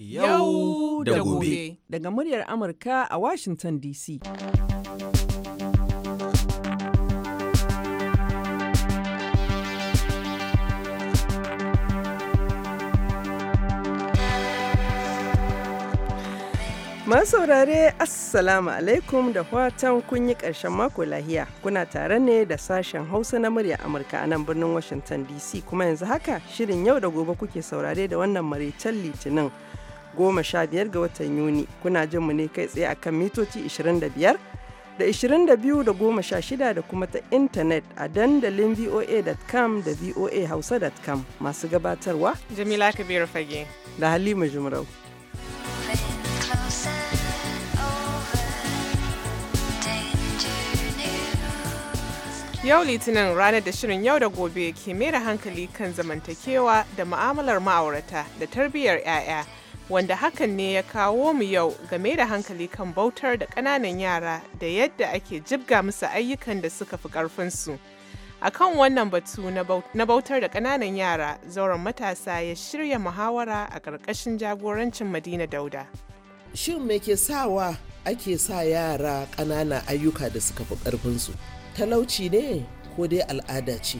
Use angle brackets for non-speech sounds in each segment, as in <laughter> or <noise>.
yau da gobe daga muryar amurka a washington dc saurare assalamu alaikum da fatan kun yi ƙarshen mako lahiya kuna tare ne da sashen hausa na murya amurka a nan birnin washington dc kuma yanzu haka shirin yau da gobe kuke saurare da wannan maraicen litinin goma sha biyar ga watan Yuni. Kuna jin mu ne kai tsaye akan mitoci 25 da 22 da goma sha shida da kuma ta intanet a dandalin voa.com da voahausa.com masu gabatarwa. Jamila Kabiru Fage. Da Halima Jumrau. Yau Litinin ranar da shirin yau da gobe ke mera hankali kan zamantakewa da ma'amalar ma'aurata da tarbiyyar 'ya'ya. wanda hakan ne ya kawo mu yau game da hankali kan bautar da ƙananan yara da yadda ake jibga musu ayyukan da suka fi ƙarfinsu. A kan wannan batu na bautar da ƙananan yara, zauren matasa ya shirya muhawara a ƙarƙashin jagorancin Madina Dauda. Shin me ke sawa ake sa yara ƙanana ayyuka da suka fi ƙarfinsu? Talauci ne ko dai al'ada ce?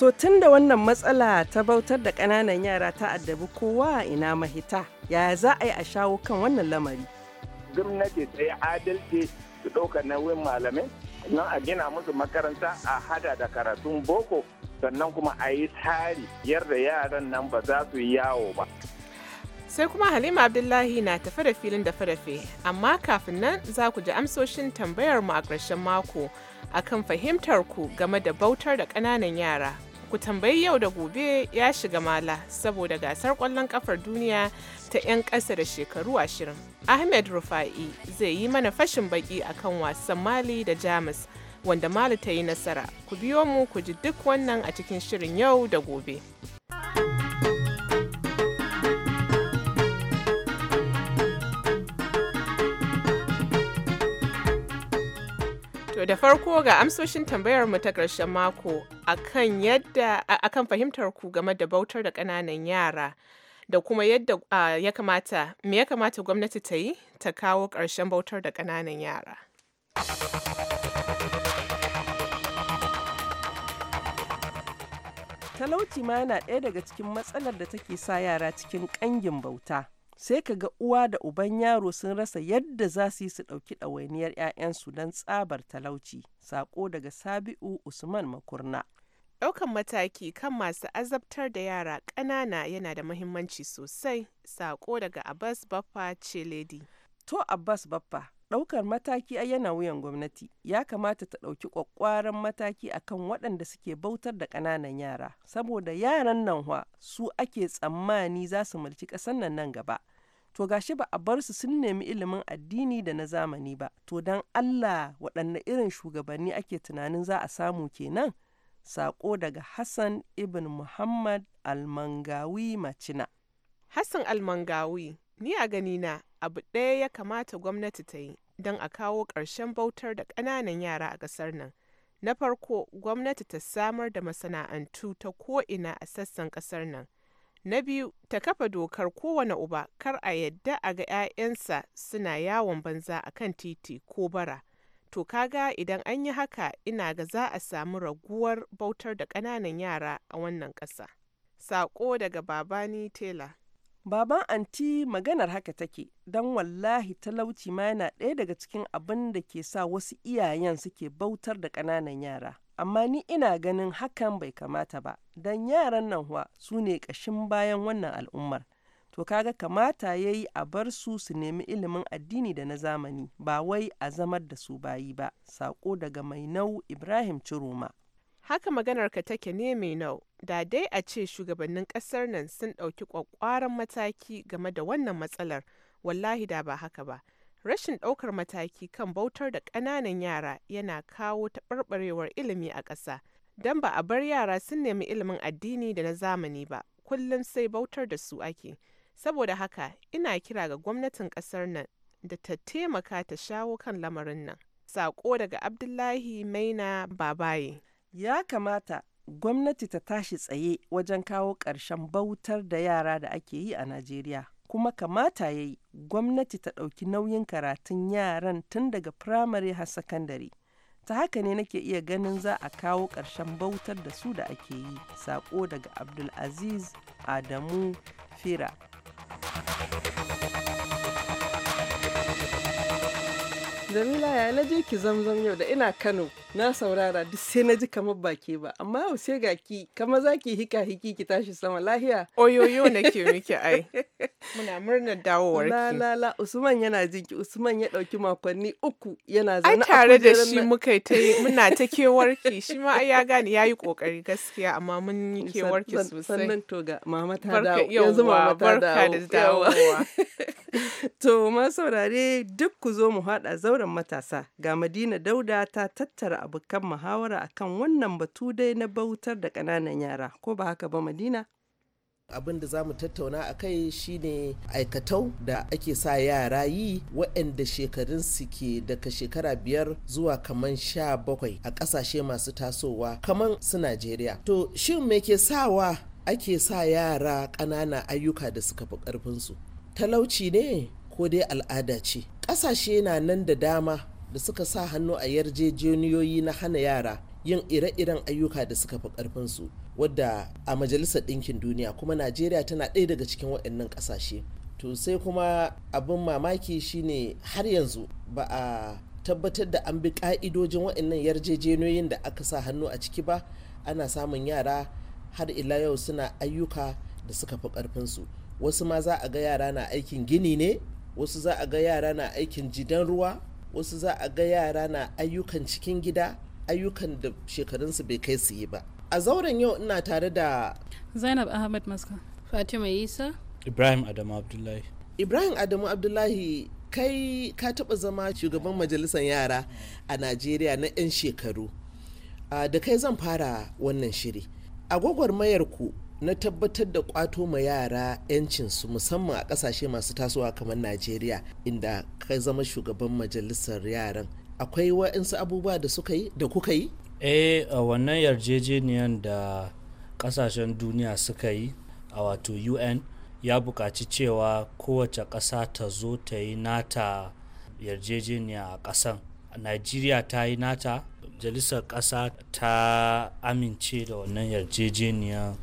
To tun da wannan matsala ta bautar da ƙananan yara ta addabi kowa ina mahita, ya za a yi a shawo kan wannan lamari? Gwamnati ta yi adalci su ɗaukar nauyin malamai, nan a gina musu makaranta a hada da karatun boko, sannan kuma a yi tari yadda yaran nan ba za su yi yawo ba. Sai kuma Halima Abdullahi na tafi da filin da farafe, amma kafin nan za ku ji amsoshin tambayar mu a ƙarshen mako akan fahimtar ku game da bautar da ƙananan yara. ku tambayi yau da gobe ya shiga mala saboda gasar kwallon kafar duniya ta 'yan ƙasa da shekaru ashirin ahmed rufa'i zai yi mana fashin baki akan wasan mali da jamus wanda mali ta yi nasara ku biyo mu ku ji duk wannan a cikin shirin yau da gobe da farko ga amsoshin tambayar mu ta ƙarshen mako akan yadda fahimtar ku game da bautar da ƙananan yara da kuma yadda ya kamata me ya kamata gwamnati ta yi ta kawo ƙarshen bautar da ƙananan yara. Talauci ma yana ɗaya daga cikin matsalar da take sa yara cikin ƙangin bauta. sai ka ga uwa da uban yaro sun rasa yadda za su yi su ɗauki ɗawainiyar 'ya'yansu don tsabar talauci sako daga sabi'u usman makurna ɗaukan mataki kan masu azabtar da yara ƙanana yana da mahimmanci sosai sako daga abbas baffa ce lady to abbas baffa ɗaukar mataki a yana wuyan gwamnati ya kamata ta ɗauki ƙwaƙƙwaran mataki akan waɗanda suke bautar da ƙananan yara saboda yaran nan su ake tsammani za su mulki ƙasar nan gaba to gashi ba a bar su sun nemi ilimin addini da na zamani ba to don allah waɗanne irin shugabanni ake tunanin za a samu kenan saƙo daga hassan ibn muhammad almangawi macina hassan almangawi ni a ganina abu ɗaya ya kamata gwamnati ta yi don a kawo ƙarshen bautar da ƙananan yara a ƙasar nan na farko gwamnati ta samar da masana'antu ta ko'ina a sassan ƙasar nan Na biyu, ta kafa dokar kowane uba kar a yadda a ga 'ya'yansa suna yawon banza a kan titi ko bara, to kaga idan an yi haka ina ga za a samu raguwar bautar da ƙananan yara a wannan ƙasa. Saƙo daga Babani Tela. Baban anti maganar haka take, don wallahi talauci ma yana ɗaya daga cikin abin da ke sa wasu iyayen suke bautar da ƙananan yara. amma ni ina ganin hakan bai kamata ba don yaran nan huwa su ne ƙashin bayan wannan al'ummar to kaga kamata ya yi a bar su su nemi ilimin addini da na zamani ba wai a zamar da su bayi ba saƙo daga mai nau ibrahim ciroma haka maganar ka take ne mai nau da dai a ce shugabannin ƙasar nan sun ɗauki ƙwaƙƙwaran mataki game da wannan matsalar wallahi da ba haka ba Rashin ɗaukar mataki kan bautar da ƙananan yara yana kawo taɓarɓarewar ilimi a ƙasa, don ba a bar yara sun nemi ilimin addini da na zamani ba, kullum sai bautar da su ake. Saboda haka, ina kira ga gwamnatin ƙasar nan da ta taimaka ta shawo kan lamarin nan. Saƙo daga Abdullahi Maina Babaye. Ya kamata gwamnati ta tashi tsaye wajen kawo ƙarshen bautar da yara da ake yi a Najeriya. kuma kamata ya yi gwamnati ta ɗauki nauyin karatun yaran tun daga firamare har sakandare ta haka ne nake iya ganin za a kawo ƙarshen bautar da su da ake yi saƙo daga abdulaziz adamu fira Jamila ya na je ki zamzam yau da ina Kano na saurara duk sai na ji kamar baki ba amma yau sai ga ki kama za ki hika hiki ki tashi sama lahiya. Oyoyo na ke miki ai. <laughs> Muna murnar dawowar ki. La la Usman yana jin ki Usman ya dauki makonni uku yana zaune a tare da shi muka ta muna ta <laughs> kewar ki shi ma ai ya gane yayi kokari gaskiya amma mun yi kewar ki sosai. Sannan to ga mama ta dawo yanzu mama ta dawo. Barka da dawowa. <laughs> <laughs> to ma saurare duk ku zo mu haɗa zauren matasa ga Madina Dauda ta tattara abokan muhawara akan wannan batu dai na bautar da ƙananan yara ko ba haka ba Madina? abin da za mu tattauna a kai shi ne aikatau da ake sa yara yi waɗanda shekarun su ke daga shekara biyar zuwa kaman sha bakwai a ƙasashe masu tasowa kaman su najeriya to shin me ke sawa ake sa yara ƙanana ayyuka da suka fi ƙarfinsu talauci ne ko dai al'ada ce ƙasashe na nan da dama da suka sa hannu a yarjejeniyoyi na hana yara yin ire-iren ayyuka da suka fi ƙarfinsu wadda a majalisar ɗinkin duniya kuma najeriya tana ɗaya daga cikin waɗannan ƙasashe to sai kuma abin mamaki shine har yanzu ba a tabbatar da an bi ƙa'idojin waɗannan yarjejeniyoyin da aka sa hannu a ciki ba ana samun yara har ila yau suna ayyuka da suka fi ƙarfinsu wasu ma za a ga yara na aikin gini ne wasu za a ga yara na aikin jidan ruwa wasu za a ga yara na ayyukan cikin gida ayyukan da shekarunsu bai kai su yi ba a zauren yau ina tare da zainab ahmed maska fatima isa ibrahim adamu abdullahi ibrahim adamu abdullahi kai ka taba zama shugaban majalisar yara a najeriya na 'yan shekaru ah, da kai zan fara wannan shiri a gwagwarmayar ku na tabbatar da kwato ma yara 'yancinsu musamman a kasashe masu tasowa kamar najeriya inda ka zama shugaban majalisar yaran akwai wa'insu abubuwa da suka yi da kuka yi eh wannan yarjejeniyar da kasashen duniya suka yi a wato un ya bukaci cewa kowace ƙasa ta zo ta yi nata yarjejeniya a ƙasan najeriya ta yi nata majalisar ƙasa ta amince da wannan yarjejeniyar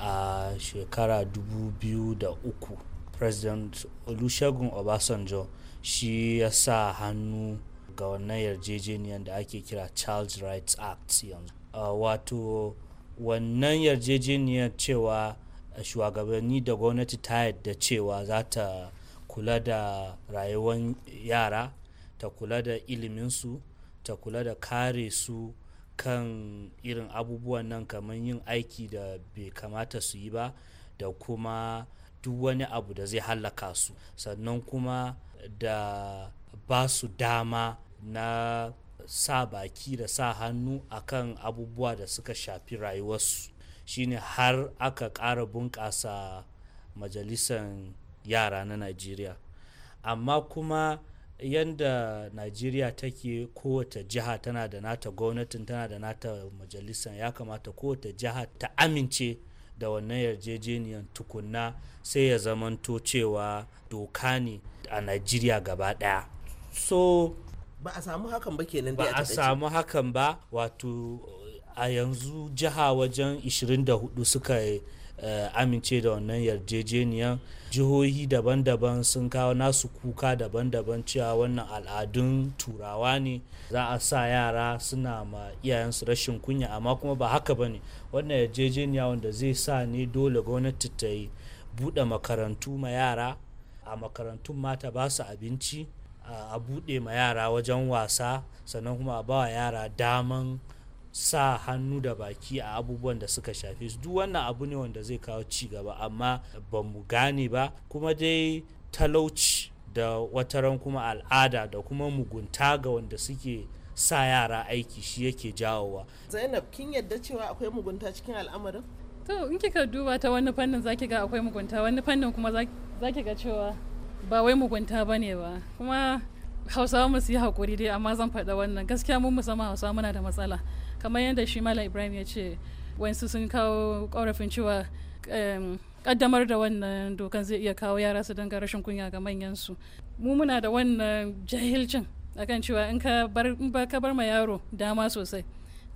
a shekara 2003 president olusegun obasanjo shi ya sa hannu ga wannan yarjejeniyar da ake kira child rights act yanzu wato wannan yarjejeniyar cewa shugabanni da gwamnati ta yadda cewa za ta kula da rayuwar yara ta kula da iliminsu ta kula da kare su kan irin abubuwan nan kamar yin aiki da bai kamata su yi ba da kuma duk wani abu da zai hallaka su sannan kuma da ba su dama na sa baki da sa hannu akan abubuwa da suka shafi rayuwarsu shine har aka ƙara bunƙasa majalisar yara na najeriya amma kuma yadda najeriya take kowace jiha tana da nata gwamnatin tana da nata majalisan ya kamata kowace jiha ta amince da wannan yarjejeniyar tukunna sai ya zamanto cewa doka ne a najeriya gaba daya so ba a samu hakan ba kenan ba a samu hakan ba wato a yanzu jiha wajen 24 suka Eh, amince da wannan yarjejeniyan jihohi daban-daban sun kawo nasu kuka daban-daban cewa wannan al'adun turawa ne za a sa yara suna ma iyayensu rashin kunya amma kuma ba haka ba ne wannan yarjejeniya wanda zai sa ne dole gwamnati ta yi buɗe makarantu ma yara a makarantun mata ba su abinci a buɗe ma yara wajen wasa sannan kuma a ba yara daman sa hannu da baki a abubuwan da suka shafi su duk wannan abu ne wanda zai kawo ci gaba amma ba mu gane ba kuma dai talauci da wataran kuma al'ada da kuma mugunta ga wanda suke sa yara aiki shi yake jawowa zainab kin yadda cewa akwai mugunta cikin al'amarin to in kika duba ta wani fannin zaki ga akwai mugunta wani fannin kuma zaki ga cewa ba wai mugunta bane ba kuma hausawa mu su yi hakuri dai amma zan faɗa wannan gaskiya mun musamman hausawa muna da matsala kamar yadda shi mala ibrahim ya ce wasu sun kawo korafin cewa kaddamar da wannan dokan zai iya kawo yara su danga rashin kunya ga manyansu mu muna da wannan jahilcin akan cewa in ka bar ma yaro dama sosai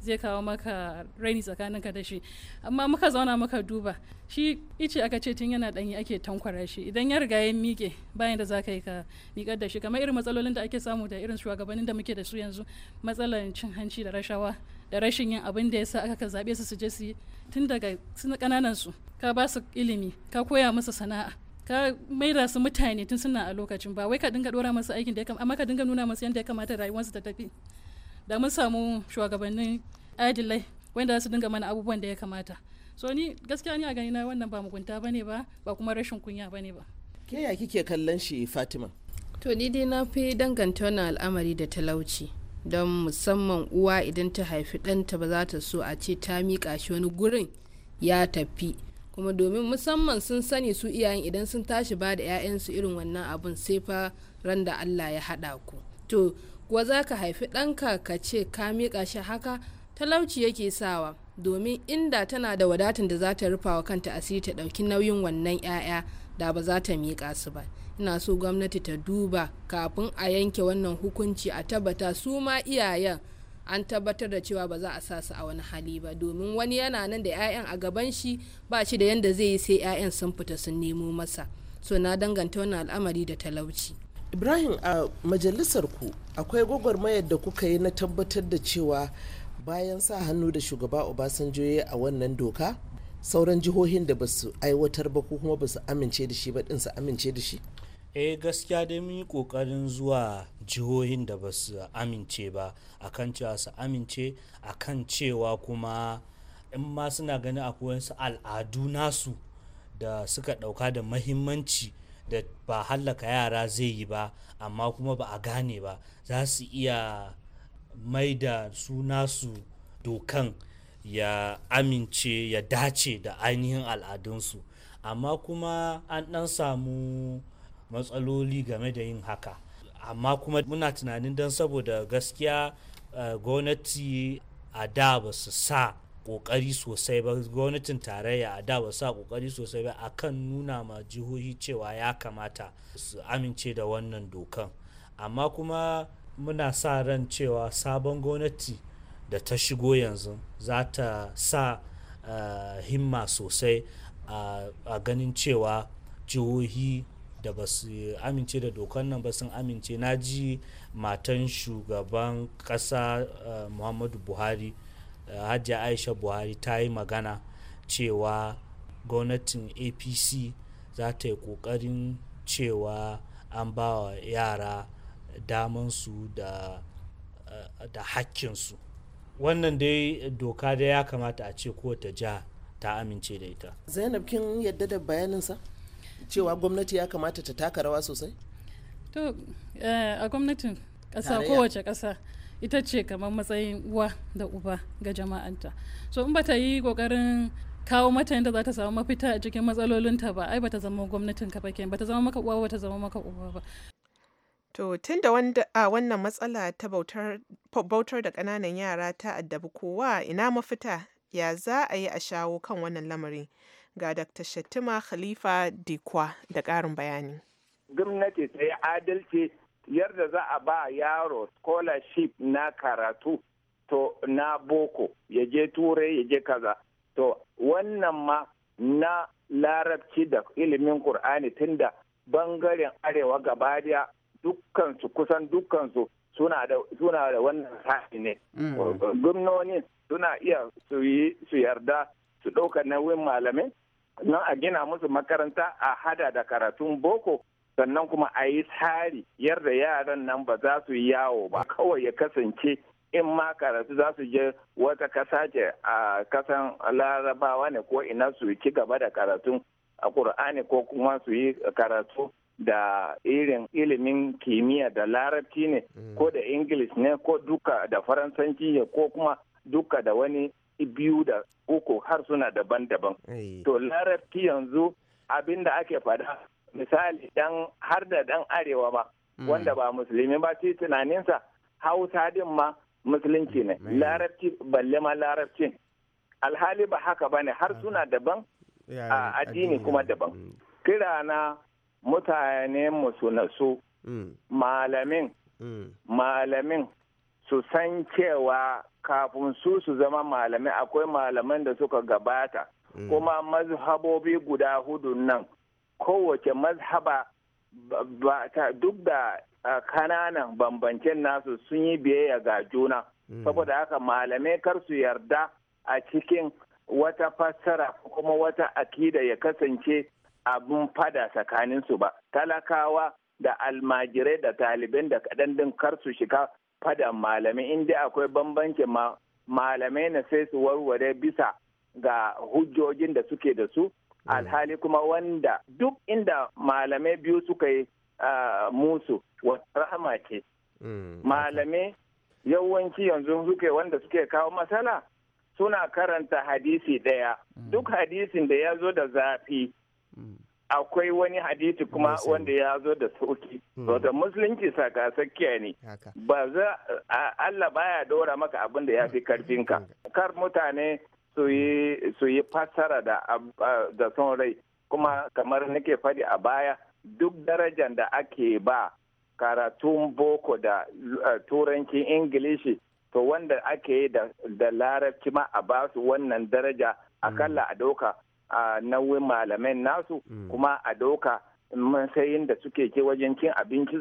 zai kawo maka raini tsakaninka da shi amma muka zauna muka duba shi ice aka ce tun yana danyi ake tankwara shi idan ya riga ya miƙe bayan da za ka yi ka miƙar da shi kamar irin matsalolin da ake samu da irin shugabannin da muke da su yanzu matsalar cin hanci da rashawa da rashin yin abin da ya sa aka zaɓe su su je su yi tun daga ƙananan su ka ba su ilimi ka koya musu sana'a ka maida su mutane tun suna a lokacin ba wai ka dinga dora masu aikin da ya kamata amma ka dinga nuna masu yadda ya kamata rayuwarsu ta tafi da mun samu shugabannin adilai wanda za su dinga mana abubuwan da ya kamata so ni gaskiya ni a gani na wannan ba mugunta bane ba ba kuma rashin kunya bane ba ke ya kike kallon shi fatima to ni dai na fi danganta wannan al'amari da talauci don musamman uwa idan ta haifi ɗanta ba za ta so a ce ta miƙa shi wani gurin ya tafi kuma domin musamman sun sani su iyayen idan sun tashi ba da 'ya'yansu irin wannan abun sai fa ran da allah ya haɗa ku to kuwa za ka haifi ɗanka ka ce ka miƙa shi haka talauci yake sawa domin inda tana da wadatun da za ta rufa wa kanta asiri ta ɗauki nauyin wannan 'ya'ya da ba za ta miƙa su ba ina so gwamnati ta duba kafin a yanke wannan hukunci a tabbata su ma iyayen an tabbatar da cewa ba za a sa su a wani hali ba domin wani yana nan da 'ya'yan a gaban shi ba shi da yanda zai yi sai 'ya'yan sun fita sun nemo masa so na danganta wannan al'amari da talauci ibrahim a majalisar ku akwai gwagwarmayar da kuka yi na tabbatar da cewa bayan sa hannu da shugaba obasanjo ya a wannan doka sauran jihohin da ba su aiwatar ba ko kuma ba su amince da shi ba din su amince da shi eh gaskiya dai mun yi kokarin zuwa jihohin da ba su amince ba akan cewa su amince akan cewa kuma in ma suna ganin akwai wasu al'adu nasu da suka dauka da mahimmanci da ba hallaka yara zai yi ba amma kuma ba a gane ba za su iya mai da su dokan ya amince ya dace da ainihin al'adunsu amma kuma an ɗan samu matsaloli game da yin haka amma kuma muna tunanin don saboda gaskiya eh, gwamnati a da ba su sa kokari sosai ba gwamnatin tarayya a da ba sa kokari sosai ba a kan nuna ma jihohi cewa ya kamata su amince da wannan dokan amma kuma muna sa ran cewa sabon gwamnati da ta shigo yanzu za ta sa uh, himma sosai uh, a ganin cewa jihohi da ba su amince da dokan nan ba sun amince na ji matan shugaban kasa uh, eh, muhammadu buhari hajja aisha buhari ta yi magana cewa gwamnatin apc za ta yi kokarin cewa an ba wa yara damansu da, eh, da hakkinsu wannan dai doka da ya kamata a ce kowace ja ta amince da ita zainab kin yadda da bayaninsa cewa gwamnati ya kamata ta taka rawa sosai to eh, a gwamnatin kasa kowace kasa. ita ce kamar matsayin uwa da uba ga jama'anta so in bata yi kokarin kawo mata yadda za ta samu mafita a cikin matsalolinta ba ai bata zama gwamnatin ka ba bata zama maka uwa bata zama maka uba ba To tun da a wannan matsala ta bautar da ƙananan yara ta addabi kowa ina mafita ya za a yi a shawo kan wannan lamari ga Dr. Shattima Khalifa Dikwa da karin bayani. Gwamnati ta adalci yadda za a ba yaro scholarship na karatu to na boko ya je turai ya je kaza to wannan ma na larabci da ilimin kur'ani tunda bangaren arewa gaba daya dukkansu kusan dukkansu suna da suna wannan sa'i ne mm. gwamnoni suna iya su yarda su ɗauka nauyin malamai nan a gina musu makaranta a hada da karatun boko sannan kuma a yi tsari yadda yaran nan ba za su yi yawo ba kawai ya kasance in ma karatu za su je wata kasa ce a kasan larabawa ne ko ina su ci gaba da karatu a ƙur'ani ko kuma su yi karatu da irin ilimin kimiyya da larabci ne mm. ko da english ne ko duka da faransanci ne ko kuma duka da wani biyu da uku harsuna daban-daban to larabci yanzu abin da ake fada misali dan har da dan arewa ba hmm. wanda ba musulmi ba sai tunaninsa hausa din ma musulunci ne hmm. larabci balle ma larabcin alhali ba haka bane ne har hmm. suna daban a addini kuma daban kira na mutane su nasu malamin malamin su san cewa kafin su su zama malamai akwai malaman da suka gabata kuma mazhabobi guda hudun nan kowace mazhaba duk da kananan bambancen nasu sun yi biyayya ga juna mm. saboda haka malamai kar su yarda a cikin wata fassara kuma wata akida ya kasance abin fada tsakaninsu ba talakawa da almajirai da taliban da kaɗan din kar su shiga fadan malamai inda akwai bambancin malamai na sai su warware bisa ga hujjojin da suke da su alhali kuma wanda duk inda malamai biyu suka yi musu wasu rahama ce mm, malamai yawanci yanzu suke wanda suke kawo matsala suna karanta hadisi ɗaya mm. duk hadisin da ya zo da zafi mm. akwai wani hadisi kuma wanda ya zo da sauki da musulunci sakasakkiya ne ba za Allah baya dora maka abin da ya fi karfinka kar mutane su yi fassara da son rai kuma kamar nake faɗi a baya duk darajar da ake ba karatun boko da turanci ingilishi to wanda ake yi da larabci ma a ba su wannan daraja mm. akalla a doka a nauyin malamai nasu mm. kuma a doka matsayin da suke ke wajen cin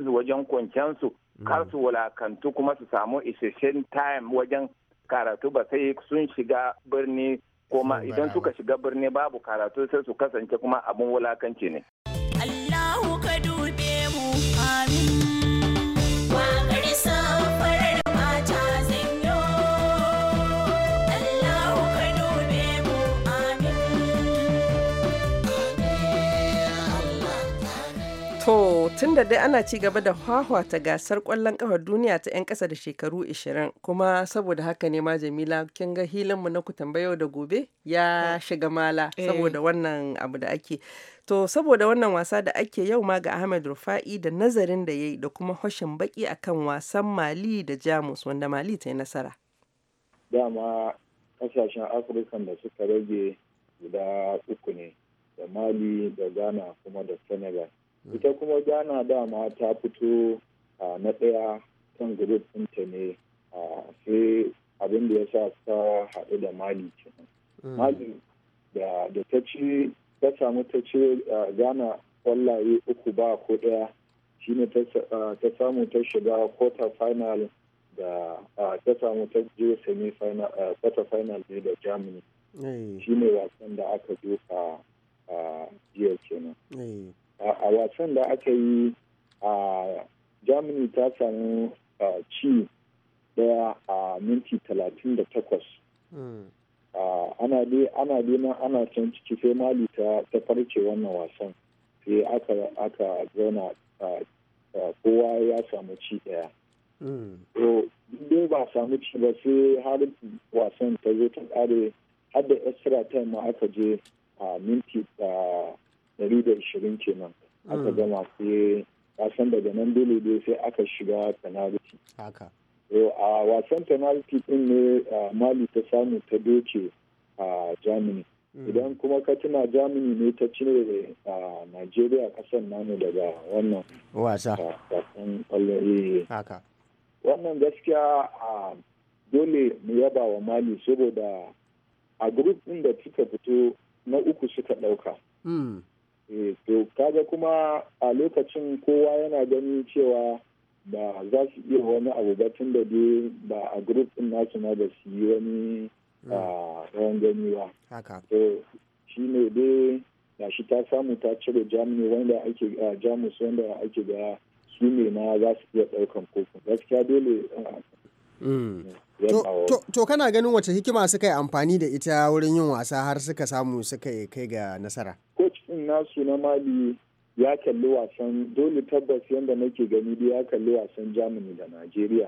su wajen kwanciyarsu kar mm. su wulakantu kuma su samu isasshen time wajen karatu ba sai sun shiga birni kuma idan suka shiga birni babu karatu sai su kasance kuma abin wulakanci ne. Allahu ka dube mu amin. tun da dai ana ci gaba da ta gasar kwallon kafa duniya ta 'yan ƙasa da shekaru 20 kuma saboda haka ne ma jamila kin ga mu na ku tambayau da gobe ya eh. shiga mala eh. saboda wannan abu da ake to saboda wannan wasa da ake yau ma ga ahmed rufa'i da nazarin da ya yi da kuma hoshin baki akan wasan mali da jamus wanda mali ta yi nasara dama kasashen afirka da suka rage guda uku ne da mali da ghana kuma da senegal ita kuma ghana dama ta fito na ɗaya kan group ɗinta ne sai abin da ya sa ta haɗu da mali kenan mm. mali da ta ci ta samu ta ce ghana kwallaye uku ba ko ɗaya ne ta samu ta shiga quarter final da ta samu ta je semi final quarter final ne da germany shi ne wasan da aka a jiya kenan a wasan da aka yi a germany ta samu ci daya a minti talatin da takwas hmm. ana dai ana nan ana can ciki sai mali ta farce wannan wasan sai aka zauna kowa ya samu ci daya So, hmm. dai ba samu ci ba sai har wasan ta zo ta kare har da extra time ma aka je a minti 120 da kenan aka hmm. gama sai wasan daga nan dole dai sai aka shiga penalty haka a wasan penalty din ne mali ta samu ta doke a germany hmm. idan kuma ka tuna germany ne ta cire a nigeria kasan namu daga wannan wasa wasan eh. haka wannan gaskiya a dole mu yaba wa mali saboda a group din da suka fito na uku suka dauka. Hmm. Eh, to kaga kuma a lokacin kowa yana gani cewa ba za su iya wani abu ba tun da ba a group din nasu na ba su yi wani hmm. ah, rawan gani ba to shi ne dai ga shi ta samu ta cire jamus wanda ake ah, jamus wanda ake ga su ne na za su iya daukan kofin gaskiya dole ah, hmm. To kana ganin wace hikima suka yi amfani da ita wurin yin wasa har suka samu suka kai ga nasara? Coach ɗin nasu na Mali ya kalli wasan dole tabbas yadda nake gani da ya kalli wasan Germany da Najeriya.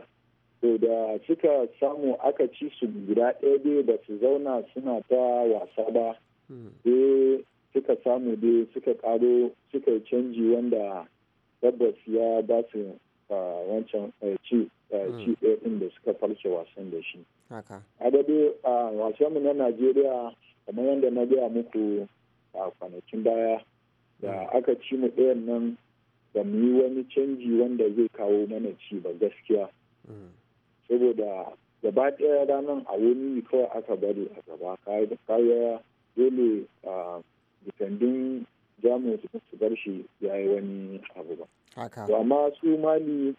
To da suka samu aka ci su guda ɗaya dai ba su zauna suna ta wasa ba. Hmm. Sai suka samu dai suka ƙaro suka canji wanda tabbas ya ba su a wancan eh, eh, hmm. ci ɗaya ɗin da suka farce wasan da shi. adadi A wasanmu na Najeriya kamar yadda na gaya muku a kwanakin baya da hmm. aka ci mu ɗayan nan da mu yi wani canji wanda zai kawo mana ci ba gaskiya. Hmm. Saboda gaba ɗaya ranar a wani kawai aka bari a gaba kaya dole jikandin jamus su bar shi ya yi wani abu ba. to amma su mali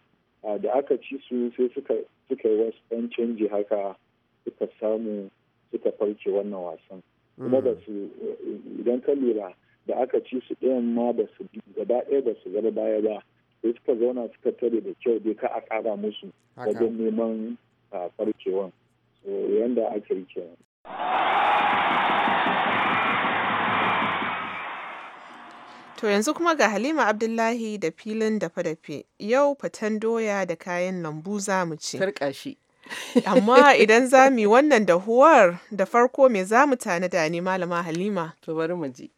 da aka ci su sai suka yi wasu ɗan canji haka suka samu suka farke wannan wasan kuma ba mm. su idan ka lura da aka ci su ɗayan ma ba su gaba ɗaya ba su zama baya ba sai suka zauna suka tare da kyau dai ka a ƙara musu wajen neman farkewan so yanda aka yi kenan To yanzu kuma ga Halima Abdullahi da filin dafe-dafe. Yau fatan doya da kayan lambu za mu ci. Karkashi. <laughs> Amma idan za mu yi wannan dahuwar da farko me za mu tanada ne Malama Halima? To bari mu ji.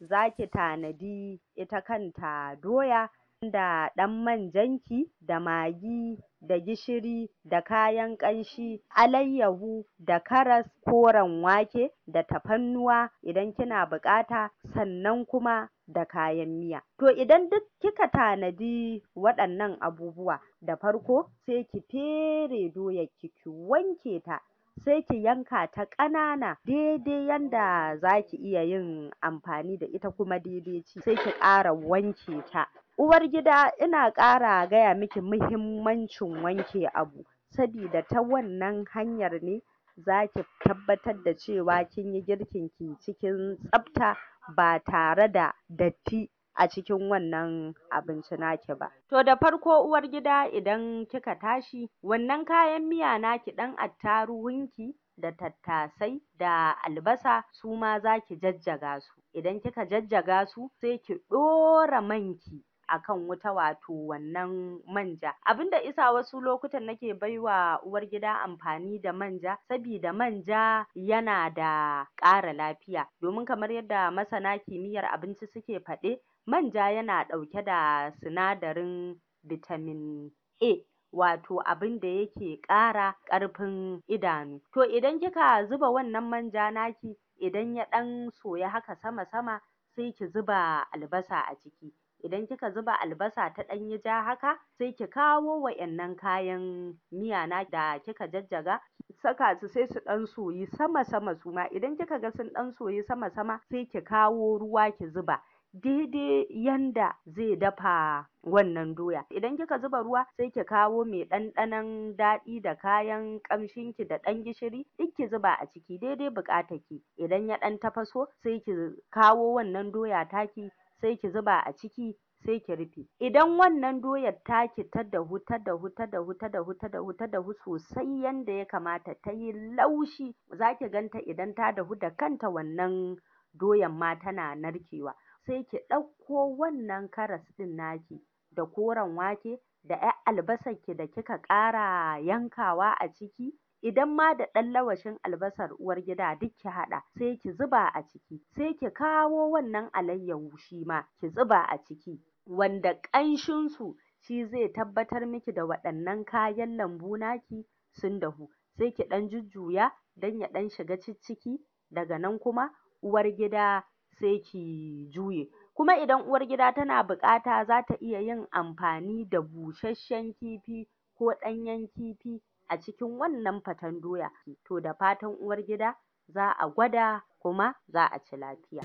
Za ki tanadi ita kanta doya da ɗan manjan ki da magi da gishiri da kayan ƙanshi alayyahu da karas koren wake da tafannuwa idan kina buƙata sannan kuma da kayan miya to idan duk kika tanadi waɗannan abubuwa da farko sai ki fere doya ki ki wanke ta sai ki yanka ta ƙanana daidai yanda zaki iya yin amfani da ita kuma daidai ci sai ki ƙara wanke ta Uwar gida ina ƙara gaya miki muhimmancin wanke abu sabida ta wannan hanyar ne zaki tabbatar da cewa kinyi girkin ki cikin tsafta ba tare da datti a cikin wannan abinci naki ba to da farko uwar gida idan kika tashi wannan kayan miya naki ɗan attaruhun ki da tattasai da albasa suma zaki jajjaga su idan kika jajjaga su sai ki ɗora man ki akan wuta wato wannan manja abinda isa wasu lokutan nake baiwa uwargida amfani da manja sabida manja yana da ƙara lafiya domin kamar yadda masana kimiyyar abinci suke faɗe manja yana ɗauke da sinadarin vitamin A wato abinda yake ƙara ƙarfin idanu to idan kika zuba wannan manja naki idan ya ɗan soyu haka sama sama sai ki zuba albasa a ciki idan kika zuba albasa ta ɗanyi ja haka sai ki kawo wa'innan kayan miya na da kika jajjaga ki saka su sai su ɗan soyu sama sama suma idan kika ga sun ɗan soyu sama sama sai ki kawo ruwa ki zuba daidai yanda zai dafa wannan doya idan kika zuba ruwa sai ki kawo mai ɗanɗanon daɗi da kayan ƙamshin ki da ɗan gishiri duk ki zuba a ciki daidai buƙatar ki idan ya ɗan tafaso sai ki kawo wannan doya taki sai ki zuba a ciki sai ki rufe idan wannan doyar taki ta dahu ta dahu ta dahu ta dahu ta dahu ta dahu sosai yanda ya kamata ta yi laushi za ki ganta idan ta dahu da kanta wannan doyan ma tana narkewa sai ki ɗauko wannan karas ɗin naki da koren wake da ƴar albasar ki da kika ƙara yankawa a ciki Idan ma da ɗan lawashin albasar uwargida duk ki haɗa sai ki zuba a ciki, sai ki kawo wannan alayyahu shi ma ki zuba a ciki, wanda ƙanshinsu shi zai tabbatar miki da waɗannan kayan lambu naki sun dahu. Sai ki ɗan jujjuya don ya ɗan shiga cicciki, daga nan kuma uwargida sai ki juye. Kuma idan uwargida tana buƙata za ta iya yin amfani da busasshen kifi ko ɗanyen kifi a cikin wannan faten doya. To da fatan uwar gida za a gwada kuma za a ci lafiya.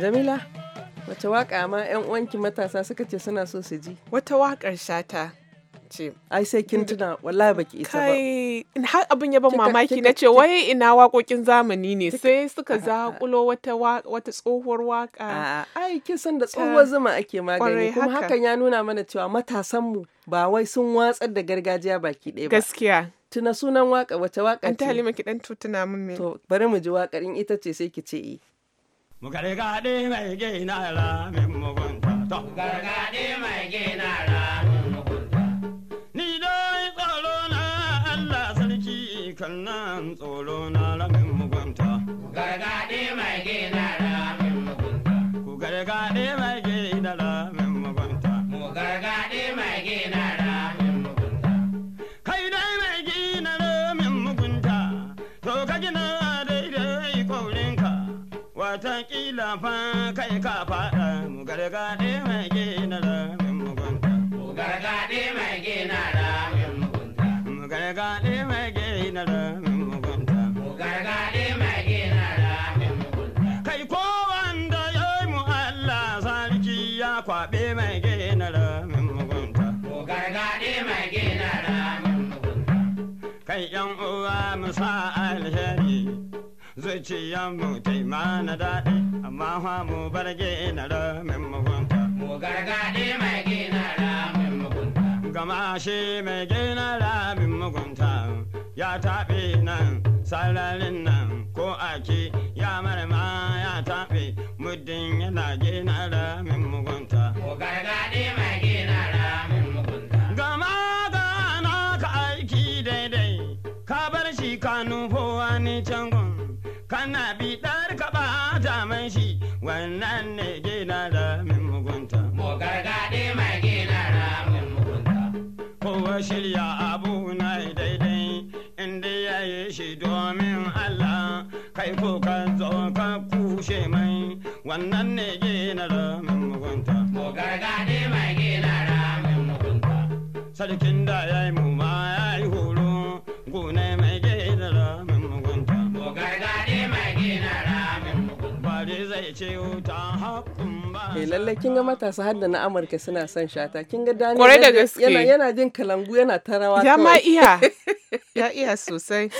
Jamila, wace waƙa ma 'yan uwanki matasa suka ce suna so su ji? Wata waƙar shata ce ai sai kin tuna wallahi baki isa ba kai har abin ya ban mamaki na ce wai ina waƙoƙin zamani ne sai suka zakulo wata wata tsohuwar waka ai kin san da tsohuwar zuma ake magani kuma hakan ya nuna mana cewa matasan mu ba wai sun watsar da gargajiya baki ɗaya ba gaskiya tuna sunan waka wata waka ce an halima ki dan tutuna mun me to bari mu ji wakar in ita ce sai ki ce eh mu gargaɗe mai gina la min mugunta to gargaɗe zuciyanmu ta mana daɗi amma ha mu bar gina min mugunta. Mu gargaɗi mai gina min mugunta. Gama shi mai gina min mugunta ya taɓe nan sararin nan ko ake ya marama ya taɓe muddin yana gina min mugunta. Mu gargaɗi mai gina min mugunta. Gama gana ka aiki daidai ka bar shi ka nufo ni can kana bi dar ka ba ta man shi wannan ne gina da min mugunta. Mo gargade mai gina da min mugunta. Kowa shirya abu na daidai inda ya yi shi domin Allah kai ko ka zo ka kushe mai wannan ne gina da min mugunta. Mo gargade mai gina da min mugunta. Sarkin da ya yi mu ma ya yi horo gunan Eh lalle kin ga matasa har da na Amurka suna son shata. Kin ga Daniel yana jin kalangu yana ta rawa. Ya ma iya. <laughs> Ya iya sosai.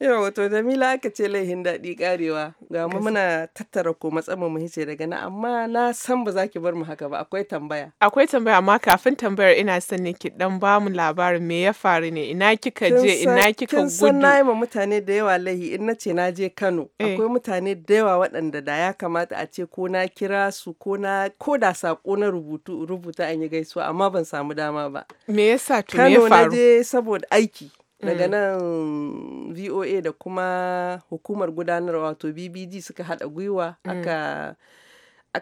Yawa da Jamila aka ce laihin daɗi karewa ga mu muna tattara ko matsamu mu hice daga na amma na san ba za ki bar mu haka ba akwai tambaya. Akwai tambaya amma kafin tambayar ina son ne ki dan ba mu labarin me ya faru ne ina kika je ina kika gudu. Kin san na yi ma mutane da yawa laihi in na ce na je Kano eh. akwai mutane da yawa waɗanda da ya kamata a ce ko na kira su ko na ko da sako na rubutu rubuta an yi gaisuwa amma ban samu dama ba. Me yasa to me ya faru? Kano na je saboda aiki. daga mm. nan voa da kuma hukumar gudanar wato bbg suka haɗa gwiwa aka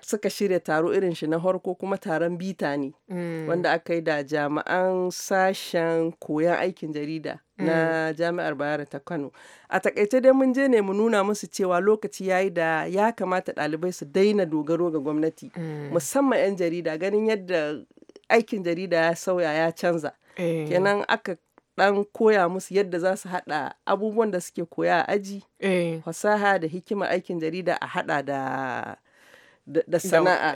suka shirya taro irin shi na harko kuma taron bita ne mm. wanda aka yi da jami'an sashen koyon aikin jarida na mm. jami'ar bayero ta kano a takaice dai mun je ne mu nuna musu cewa lokaci ya yi da ya kamata ɗalibai su daina dogaro ga gwamnati musamman 'yan jarida ganin yadda aikin jarida ya sauya ya canza eh. kenan aka dan koya musu yadda za su hada abubuwan da suke koya a aji eh. fasaha da hikima aikin jarida a hada da da sana'a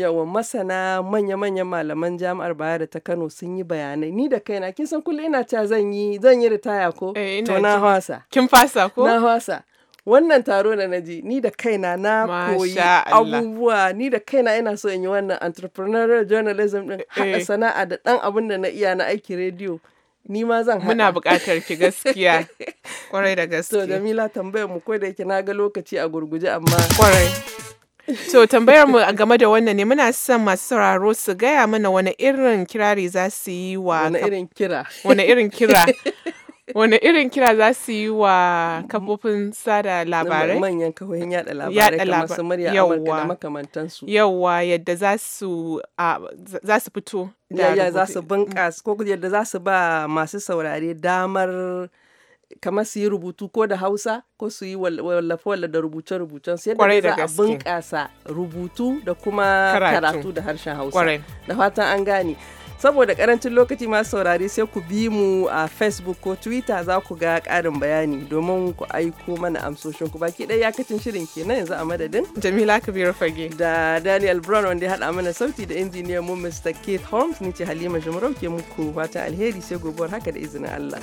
yawa eh. masana manya-manyan malaman jami'ar baya da ta kano sun yi bayanai ni da kaina kin san kullum ina ta zan yi zan yi ritaya ko eh, to na hwasa kin fasa ko na hwasa wannan taro da na ji ni da kaina na koyi abubuwa ni da kaina ina so in yi wannan entrepreneurial journalism din haɗa sana'a da ɗan abin da na iya na aiki rediyo ni ma zan haɗa. Muna buƙatar ki gaskiya. <laughs> Kwarai da gaske. To Jamila tambayar mu da yake na ga lokaci a gurguje amma. Kwarai. To tambayar mu game da wannan ne muna son masu sauraro su gaya mana wani irin kirari za su yi wa. Wani irin kira. Wani irin kira. <laughs> Wani irin kira za su yi wa kafofin sada labarai? Manyan kafofin yada labarai kamar su murya Amurka da makamantansu. yawa yadda za su fito. Yaya za su bunƙasa ko yadda za su ba masu saurare damar kamar su yi rubutu ko da Hausa ko su yi wallafa wallafa da rubuce-rubucen su yadda za a bunkasa rubutu da kuma karatu da harshen Hausa. Da fatan an gane. saboda karancin lokaci masu saurari sai ku bi mu a facebook ko twitter za ku ga karin bayani domin ku aiko mana amsoshin ku baki ɗaya yakacin shirin kenan yanzu a madadin jamila kabiru fage da daniel brown wanda ya haɗa mana sauti da injiniyan mu mr keith holmes ni ce halima jimarau ke muku fatan alheri sai gobuwar haka da izinin allah